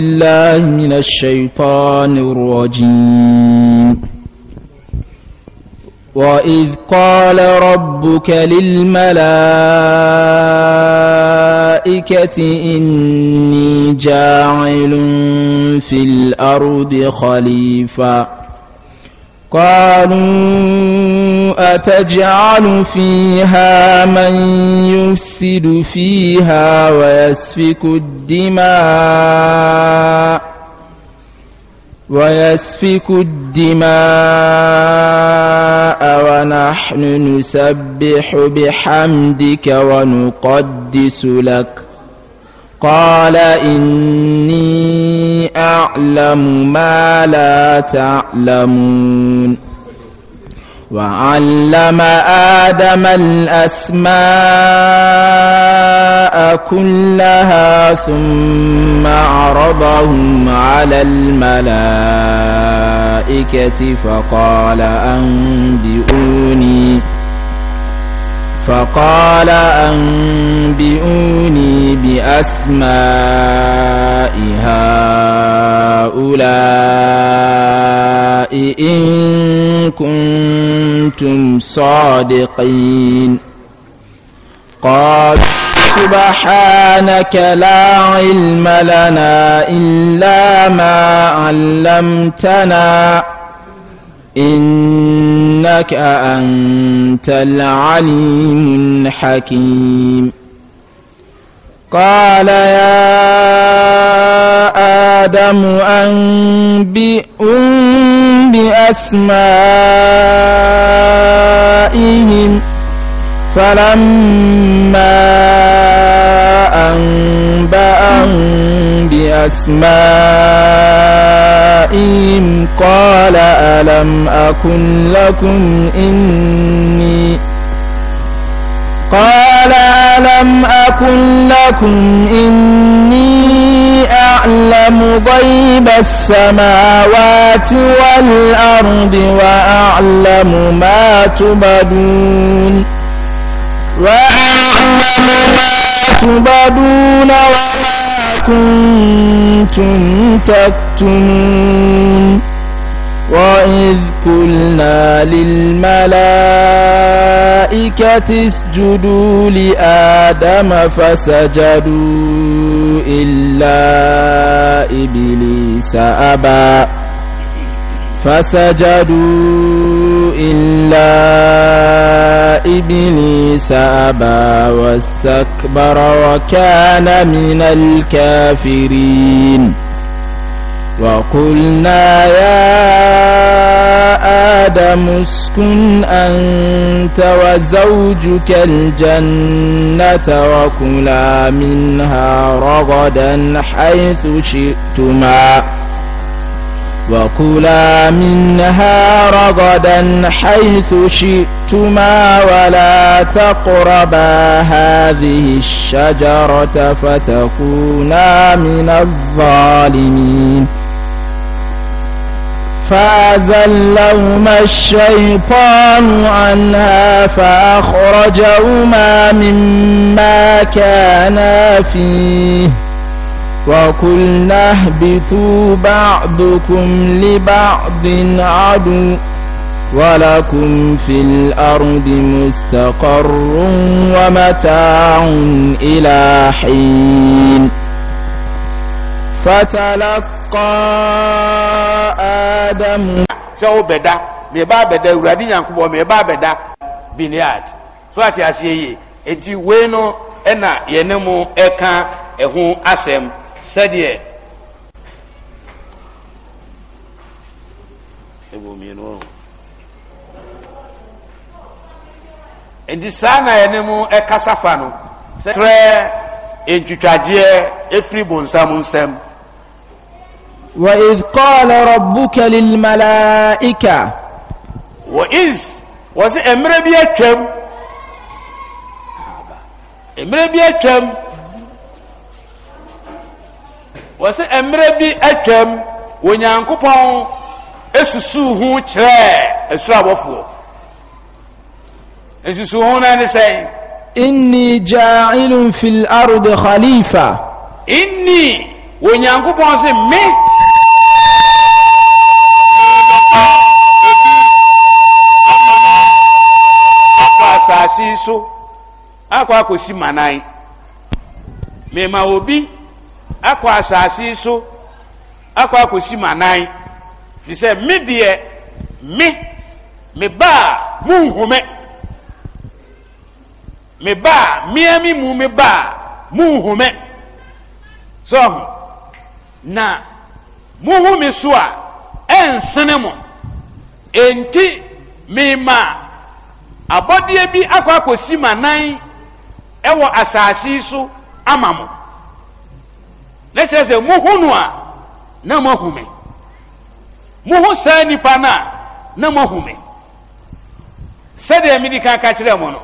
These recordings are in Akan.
بالله من الشيطان الرجيم وإذ قال ربك للملائكة إني جاعل في الأرض خليفة قالوا أتجعل فيها من يفسد فيها ويسفك الدماء ويسفك الدماء ونحن نسبح بحمدك ونقدس لك قال إني أعلم ما لا تعلمون وعلم آدم الأسماء كلها ثم عرضهم على الملائكة فقال أنبئوني فقال أنبئوني بأسماء هؤلاء إن كنتم صادقين قال سبحانك لا علم لنا إلا ما علمتنا إنك أنت العليم الحكيم قال يا آدم أنبئهم بأسمائهم فلما أنبأهم بأسمائهم قال ألم أكن لكم إني قال ألم أكن لكم إني أعلم غيب السماوات والأرض وأعلم ما تبدون وأعلم ما تبدون وما كنتم تكتمون وإذ قلنا للملائكة اسجدوا لآدم فسجدوا إلا إبليس أبى فسجدوا إلا إبليس أبى واستكبر وكان من الكافرين وقلنا يا آدم اسكن أنت وزوجك الجنة وكلا منها رغدا حيث شئتما وكلا منها رغدا حيث شئتما ولا تقربا هذه الشجرة فتكونا من الظالمين فأزلهما الشيطان عنها فأخرجهما مما كانا فيه وقلنا اهبطوا بعضكم لبعض عدو ولكم في الأرض مستقر ومتاع إلى حين فتلقى آدم sɛwo bɛda meba bɛda awurade nyankopɔn meba bɛda binead so ate aseɛ yie enti wei no ɛna yɛne mu ɛka ɛho asɛm sɛdeɛ ɛwɔ mmienu ɔhún nti saa na yɛn mu ɛkasa fa no sɛ ntwitwadeɛ efiri bonsam nsam. وإذ قال ربك للملائكة وإذ وسي أمر بيا كم أمر بيا كم wɔsɛ mmerɛ bi atwam onyankopɔn esusu ho kyerɛ esoro esusu ho na ne sɛn. inni jaacilun fil ardi khalifa. inni onyankopɔn sɛ me. asase so akɔ akɔsi manan mema obi akɔ asase so akɔ akɔsi manan fi sɛ me deɛ me me baa mu nhume me baa mmea mi mu me baa mu nhume so na muhu me so a ɛnsene mo enti mema abɔdeɛ bi akɔ akɔsi manan ɛwɔ asase so ama mo na lɛsɛsɛ muhu no a na mo ahu me muhu saa nipa no a na mo ahu me sɛdeɛ mede ka ka kyerɛ mo no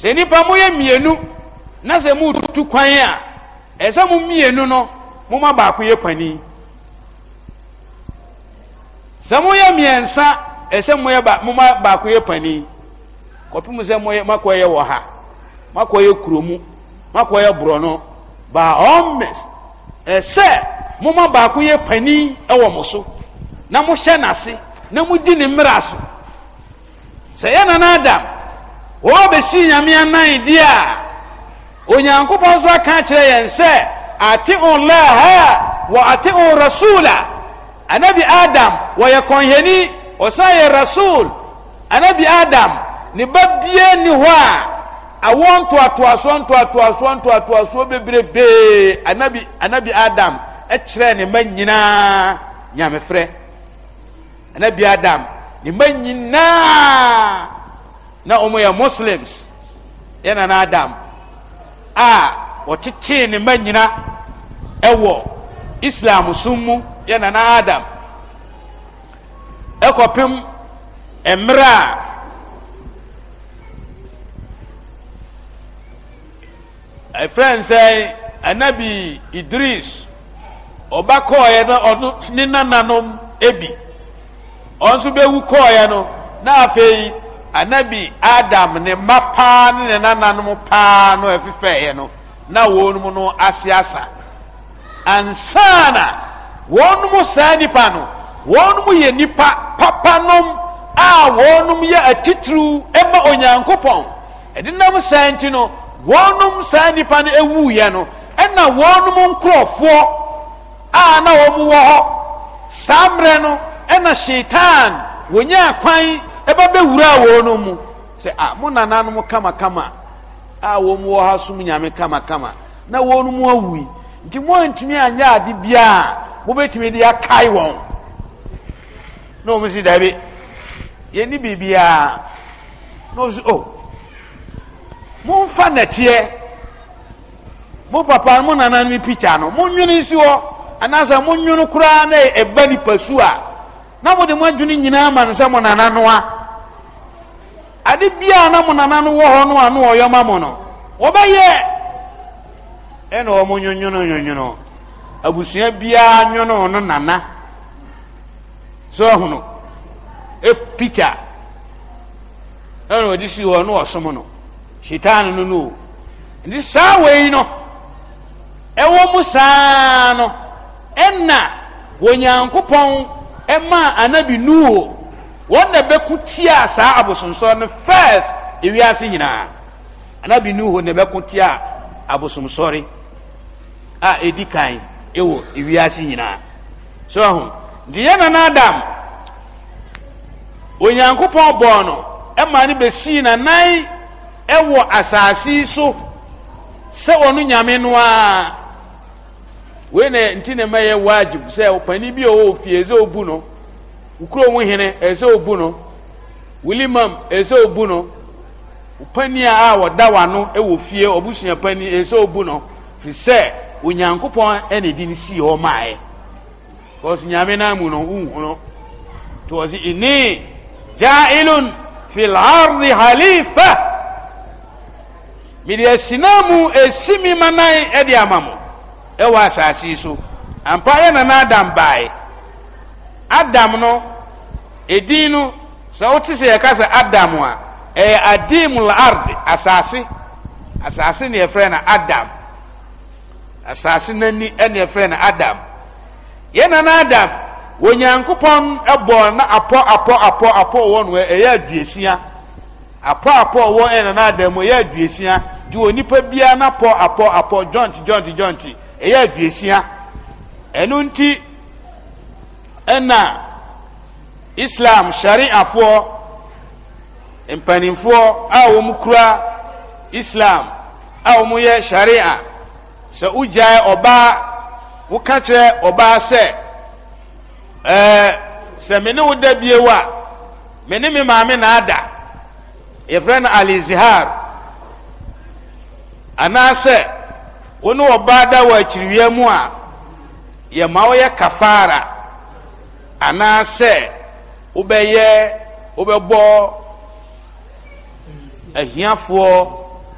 sɛ nipa moyɛ mmienu na sɛ motu kwan a ɛsɛ sɛ mo mmienu no moma baako yɛ pani sɛ moyɛ mmiɛnsa ɛsɛ moyɛ ba moma baako yɛ pani kɔpem sɛ moyɛ makɔyɛ wɔ ha makɔyɛ kuromu makɔyɛ borɔno by all means sɛ moma baako yɛ pani wɔ mo so na mohyɛ n'ase na modi ne mmara so sɛ yɛ nana adam wɔbɛsi nyame anan deɛ a onyankopɔn nso aka kyerɛ yɛn sɛ ateo laha wɔ ateo rasula anabi adam wɔyɛ kɔnhɛni ɔsan yɛ rasul anabi adam ne ba bia ni hɔ a awo ntoatoasoɔ ntoatoasoɔ ntoatoasoɔ bebrebee anabi anabi adam ɛkyerɛ ne ma nyinaa nyamefrɛ anabi adam ne ma nyinaa na wɔn yɛ muslims yɛ nana adam a wɔtetee ne ma nyina ɛwɔ islam sun mu yɛ nana adam ɛkɔpem mmerɛ a. ɛfrɛ nsɛn anabi idris ɔba kɔɔyɛ no ɔno ne nananom ebi ɔn nso bɛwu kɔɔyɛ no na afei anabi adam ne mma paa ne ne nananom paa no ɛfefɛɛyɛ no na wɔn no ase asa ansana wɔn mu saa nipa no wɔn mu yɛ nipa papanom a wɔn yɛ atitiriw ɛma onyankopɔn ɛde nam saa nti no. wɔnom saa nipa no ewuiɛ no ɛna wɔnom nkurɔfoɔ a na wɔn wɔ hɔ saa mmerɛ no ɛna shaitan wɔnyɛ akwan ɛba bɛwura wɔn mu sɛ a ah, mo nananom kamakama a wɔn wɔ ha som nyame kamakama na wɔnom awui nti mo antumi anyɛ ade biara mobɛtumi de akae wɔn na wɔn si dabi yɛn ni biribiara na wɔn si Oh, momfa nɛteɛ mo papa mo nana no pikya no monwene nsi hɔ anaasɛ monwene koraa na ɛba nipa su a na mode mo adwene nyinaa ma no sɛ mo nana no a ade biara na mo nana no wɔ hɔ no a no ɔyɔ ma mo no wɔbɛyɛ ɛna wɔn nyonono nyonono abusua biara nyono no nana so ɔhono epikya ɛna wɔde si hɔ no ɔsom no. shitan nunu, no nti saa wei no ɛwɔ mu saa no ɛnna onyankopɔn ɛmaa anabi nuo wɔn na bɛko tia saa first ewiase nyinaa anabi nuo na bɛko tia abosomsɔre a edi kan ɛwɔ ewiase nyinaa so ɛho deɛ nana adam onyankopɔn bɔɔ no ɛmaa no bɛsii na nan. ɛwɔ asase so sɛ wɔn nyame no a wei na nti na ɛma yɛ wagyim sɛ panin bi a ɔwɔ fie ɛsɛ ɔbu no okuro ho hene ɛsɛ ɔbu no wilimam ɛsɛ ɔbu no a ɔda wano ɛwɔ fie ɔbusua panin ɛsɛ ɔbu no firi sɛ onyankopɔn ɛna ne sii hɔ kɔsu nyame mu no nhu no halifa. mede asinaamu esimi manan ɛde ama mo ɛwɔ asaase yi so ampa yɛ nana adam bae adam no edin no sɛ wote sɛ yɛka sɛ adam a ɛyɛ adim ard asaase asaase ne yɛfrɛ no adam asaase n'ani ɛne yɛfrɛ no adam yɛ nana adam onyankopɔn ɛbɔ na apɔ apɔ apɔ apɔ wɔ no ɛyɛ aduesia apɔ apɔ wɔ ɛnana adam mu ɛyɛ aduesia di nipa bia na pɔ apɔ apɔ jɔnti jɔnti jɔnti ɛyɛ aduesia ɛnu nti ɛna islam shari'afoɔ mpanimfoɔ a wɔn kura islam a wɔn yɛ shari'a sɛ wogyae ɔbaa woka kyerɛ ɔbaa sɛ ɛɛ e, sɛ mene ne wo da bie wa maame na ada yɛfrɛ no alizihar anaasɛ wo ne ɔbaa da wɔ akyiriwia mu a yɛma woyɛ kafara anaasɛ wobɛyɛ wobɛbɔ ahiafoɔ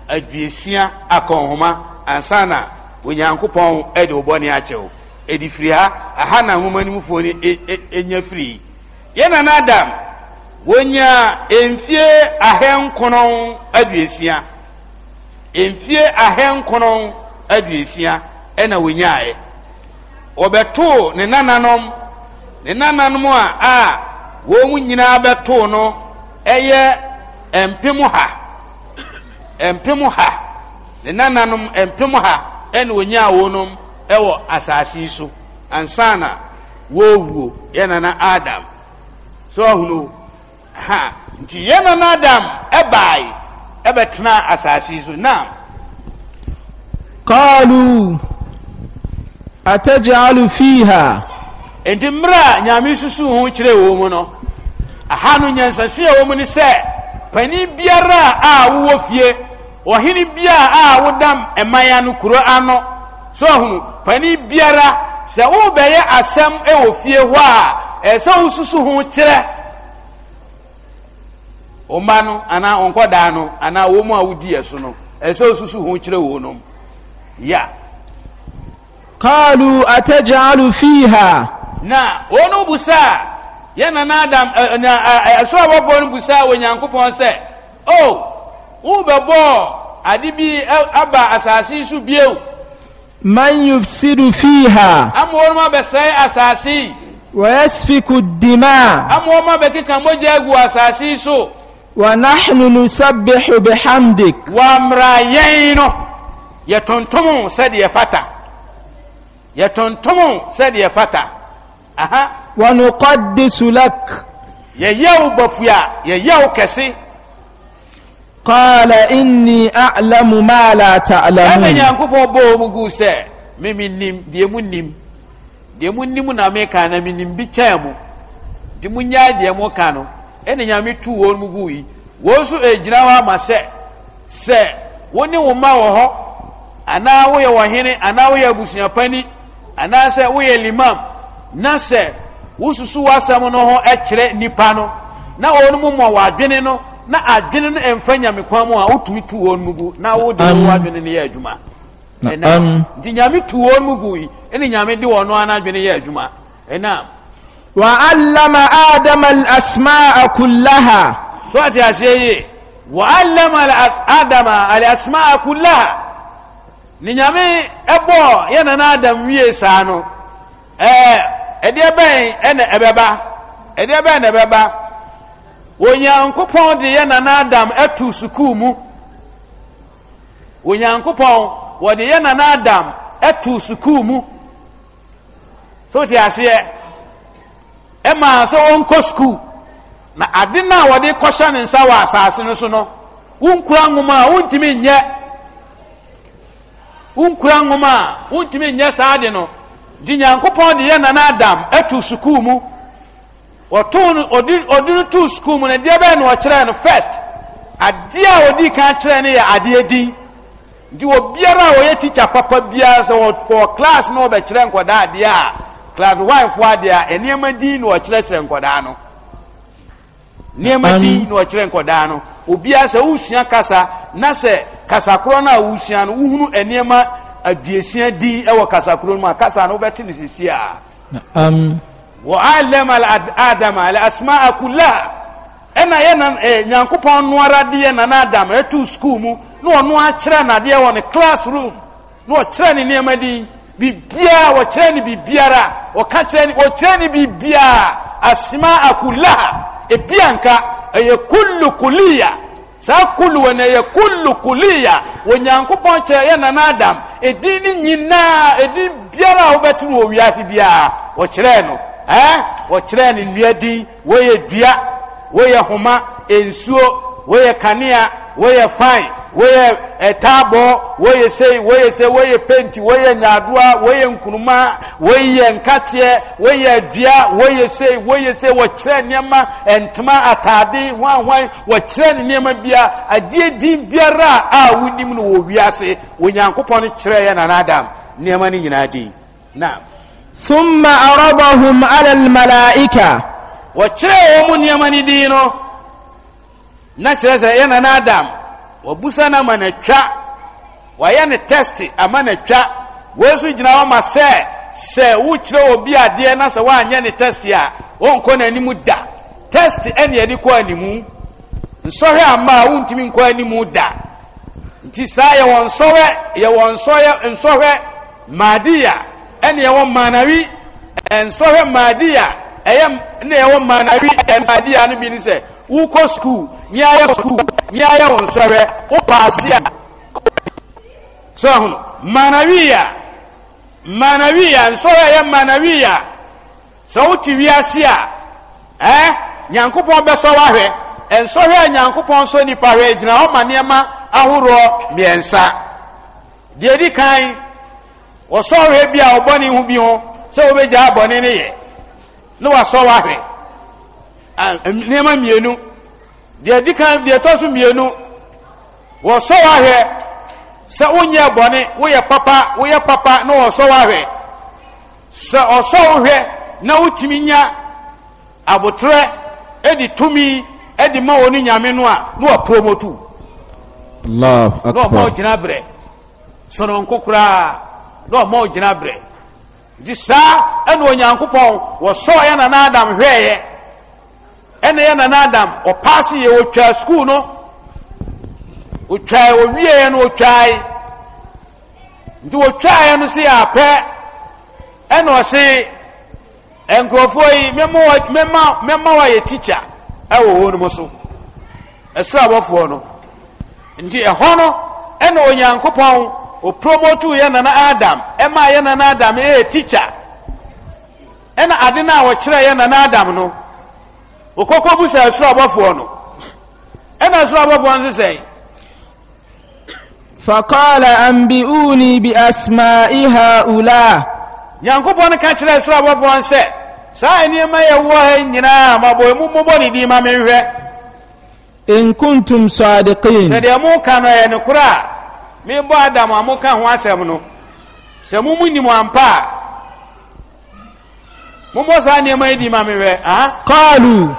aduesia akɔnhoma ansa na onyankopɔn ɛde wo bɔne akyɛ wo ɛdi firi ha aha na nhoma no mufoɔ no ɛnya e, e, firii yɛnana adam wonyaa mfie ahenkronon aduesia mfie ahenkono aduosia ɛna wonyaeɛ wɔbɛtoo ne nananom ne nananom a a wɔn nyinaa bɛtoo no ɛyɛ mpem ha mpem ha ne nananom mpem ha ɛna wonyaa wɔnom ɛwɔ asase yi so ansana wɔrewuo yɛ nana adam so ɔhunu ha nti yɛ nana adam ɛbaae ɛbɛtena asase yi so naam qalu atajalu fiha enti mmerɛ a nyame susu ho kyerɛ wɔ mu no aha no nyansaso a wɔ mu ne sɛ panin biara a wowɔ fie ɔhene biara a wodam ɛman ano kuro ano so ɔhunu panin biara sɛ worebɛyɛ asɛm wɔ fie hɔ a ɛsɛ wosusu ho kyerɛ ɔmba no anaa ɔnkɔdaa no anaa wɔn mu a wodi ɛso no ese osusu ho kyerɛ wɔn nom ya. kaalu atagyalu fiiha. na wɔn busa yɛn nana adam ɛ ɛ ɛso abɔfoɔ no busa onyankopɔn sɛ o wobɛbɔ ade bi aba asase so bio. man yufsidu fiiha. ama wɔn abɛsɛe asase. wɔyɛsifiku dima. ama wɔn abɛkeka mogya agu asase so. ونحن نسبح بحمدك وامرايين يتنتم سد يفتا يتنتم سد يفتا أها ونقدس لك ييو بفيا ييو كسي قال إني أعلم ما لا تعلمون أمن ينكفو بو مغوسة ممن نم ديمون نم ديمون نم نامي كان من نم بيتشامو ديمون يا ديمو كانو ɛne nyame tu wɔn mu gui wɔn nso egyina eh, hɔ ama sɛ sɛ wɔn ne wɔn mma wɔ hɔ anaa woyɛ wɔhene anaa woyɛ abusuapani anaa sɛ woyɛ limam na sɛ wosusu w'asɛm no ho ɛkyerɛ nipa no na wɔn mu mɔ w'adwene no na adwene no mfa nyame kwan mu a wotumi tu wɔn mu gu na wode um, w'adwene no yɛ adwuma ɛnam nti nyame tu wɔn mu gui ɛne nyame de wɔn no ano adwene yɛ adwuma ɛnam wa allama adama al'asma'a kullaha so àti àṣeyẹ wa allama adama al'asma'a kullaha ni nyame ẹbọ yẹn na adam wie saa no ẹ ẹdi ẹbẹn ẹna ẹbẹba ẹdi ẹbẹn na ẹbẹba onyankopɔn de yẹn na adam ɛtu sukuu mu onyankopɔn wɔde yẹn na adam ɛtu sukuu mu so ti aseɛ ɛma sɛ wɔnkɔ sukuu na ade no a wɔde kɔhyɛ ne nsa wɔ asase no so no wonkura nwoma a wontumi nyɛ wonkura nwoma a wontumi nyɛ saa ade no nti nyankopɔn de yɛ nana adam atu sukuu mu ɔtoo ɔde no too sukuu mu no deɛ bɛyɛ na ɔkyerɛɛ no first adeɛ a ɔdii kan kyerɛɛ no yɛ adeɛ din nti obiara a ɔyɛ tikya papa biara sɛ wɔ class na wɔbɛkyerɛ nkɔdaa adeɛ a class one fo adeɛ a nneɛma din na ɔkyerɛkyerɛ nkɔdaa no nneɛma din na ɔkyerɛ nkɔdaa no obiara sɛ wosua kasa na sɛ kasakorɔ no a wosua no wohunu nneɛma aduesia din wɔ kasakorɔ no mu a kasa no wobɛte ne sisi a um, ala adam al asmaa kullaha ɛna yɛna eh, nyankopɔn no ara deɛ nana adam ɛtu skul mu na ɔno akyerɛ nadeɛ wɔ ne classroom na ɔkyerɛ ne nneɛma din biribiara wɔkyerɛ ne biribiara ɔka kyerɛ ne ɔkyerɛ ne biribiaa asmaa kulaha ebi ɛyɛ kullu kuliya saa kullu wɔ ne ɛyɛ kullu kuliya onyankopɔn kyerɛ yɛ nana adam ɛdin ne nyinaa ɛdin biara a wobɛto wɔ wiase biara eh? ɔkyerɛɛ no ɛɛ ɔkyerɛɛ no nnua din wɔyɛ dua wɔyɛ homa nsuo wɔyɛ kanea wɔyɛ fine wɔyɛ ɛtaabɔ wɔyɛ sei wɔyɛ sɛ wɔyɛ penti wɔyɛ nyaadoa wɔyɛ nkunuma wɔyɛ nkateɛ wɔyɛ adua wɔyɛ sei wɔyɛ sei wɔkyerɛ nneɛma ntoma ataade hwanhwan wɔkyerɛ ne nneɛma bia adeɛ din biara a wonim no wɔ wiase onyankopɔn kyerɛ yɛ nanaadam nneɛma no nyinaa din na ثم عرضهم على الملائكة وكره هم نيما ندينو نكره سيئنا نادم wɔbusa no ama natwa wɔayɛ ne test ama natwa wei so gyina hɔ ma sɛ sɛ wokyerɛ obi adeɛ na sɛ woanyɛ ne test a wɔnkɔ n'anim da test ɛne yɛde kɔ animu nsɔhwɛ ama a wontumi nkɔ animu da nti saa yɛwɔ nsɔhwɛ yɛwɔ nsɔhwɛ nsɔhwɛ maadiya ɛne yɛwɔ manawi nsɔhwɛ maadiya ɛyɛ ne yɛwɔ manawi ɛmaadiya no bi ne sɛ wokɔ skuul nyɛ sukuu nyɛ yɛ wɔn o paase a sɔhun manawiya manawiya nsɔrɔ yɛ manawiya sɛ o ti a ɛɛ eh, nyankopɔn bɛ sɔ wahwɛ nsɔhwɛ a nyankopɔn sɔ nipa hwɛ gyina hɔ ma nneɛma ahoroɔ mmiɛnsa deɛ di kan bi a ɔbɔne ho bi ho sɛ ne yɛ ne nneɛma mmienu deɛ di kan deɛ tɔ so mmienu wɔsɔ wɔ ahwɛ sɛ wonyɛ bɔne woyɛ papa woyɛ papa na wɔsɔ wɔ ahwɛ sɛ ɔsɔ wo na wotumi nya abotrɛ ɛde tumi ɛde ma wɔ ne nyame no a na wɔpromotu na ɔma wo gyina berɛ sononko koraa na ɔma wo gyina berɛ nti saa ɛna onyankopɔn wɔsɔ ɛna na adam hwɛeɛ ɛna yɛ nana adam ɔpaase yɛ ɔtwa sukuu no ɔtwa ɔwie yɛ no ɔtwae nti ɔtwa yɛ no si apɛ ɛna ɔsi nkurɔfoɔ yi mɛma mɛma mɛma wɔyɛ tikya ɛwɔ wɔn mu so ɛsoro abɔfoɔ no nti ɛhɔ no ɛna onyankopɔn opromotu yɛ nana adam ɛma yɛ nana adam ɛyɛ tikya ɛna ade no a ɔkyerɛ yɛ nana adam no. okoko bu sɛ ɛsoro abɔfoɔ no ɛna ɛsoro abɔfoɔ no sɛ. fakɔɔla ambiuni bi asmaa iha ula. nyankopɔn ka kyerɛ ɛsoro abɔfoɔ sɛ saa nneɛma yɛ wɔ ha nyinaa mabɔ emu mmobɔ ne di ma menhwɛ. nkuntum sadiqin. sɛ deɛ ka no ɛyɛ ne kora a mebɔ a mo ka ho asɛm no sɛ mo mu nim ampa a mobɔ saa nneɛma yi di ma me wɛ aha kaalu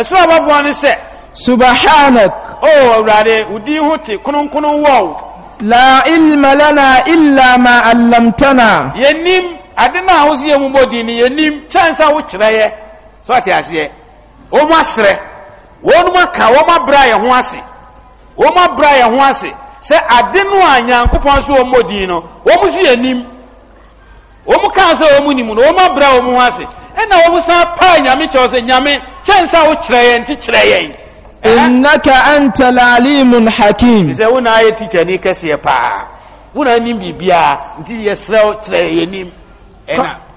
ɛsoro abɔfoɔ ne sɛ subhanak o awurade wo din ho te kronkrono wɔw la ilma lana illa ma allamtana yɛnim ade no a wo sɛ yɛ mobɔ din no yɛnim kyɛn sɛ wokyerɛ yɛ sɛ ɔte aseɛ wɔm aserɛ wɔnom aka wɔm abrɛ a yɛ ho ase wɔm abrɛ wɔn kaa sɛ wɔn nim no wɔn abra wɔn ho ase ɛna wɔn san paa nyame kyɛw sɛ nyame kyɛn sɛ wokyerɛ yɛn nti kyerɛ eh? yɛn. innaka anta lalimun hakim. sɛ wɔn ayɛ tikya ni kɛseɛ paa wɔn anim biribiara nti yɛsrɛ kyerɛ yɛn nim ɛna.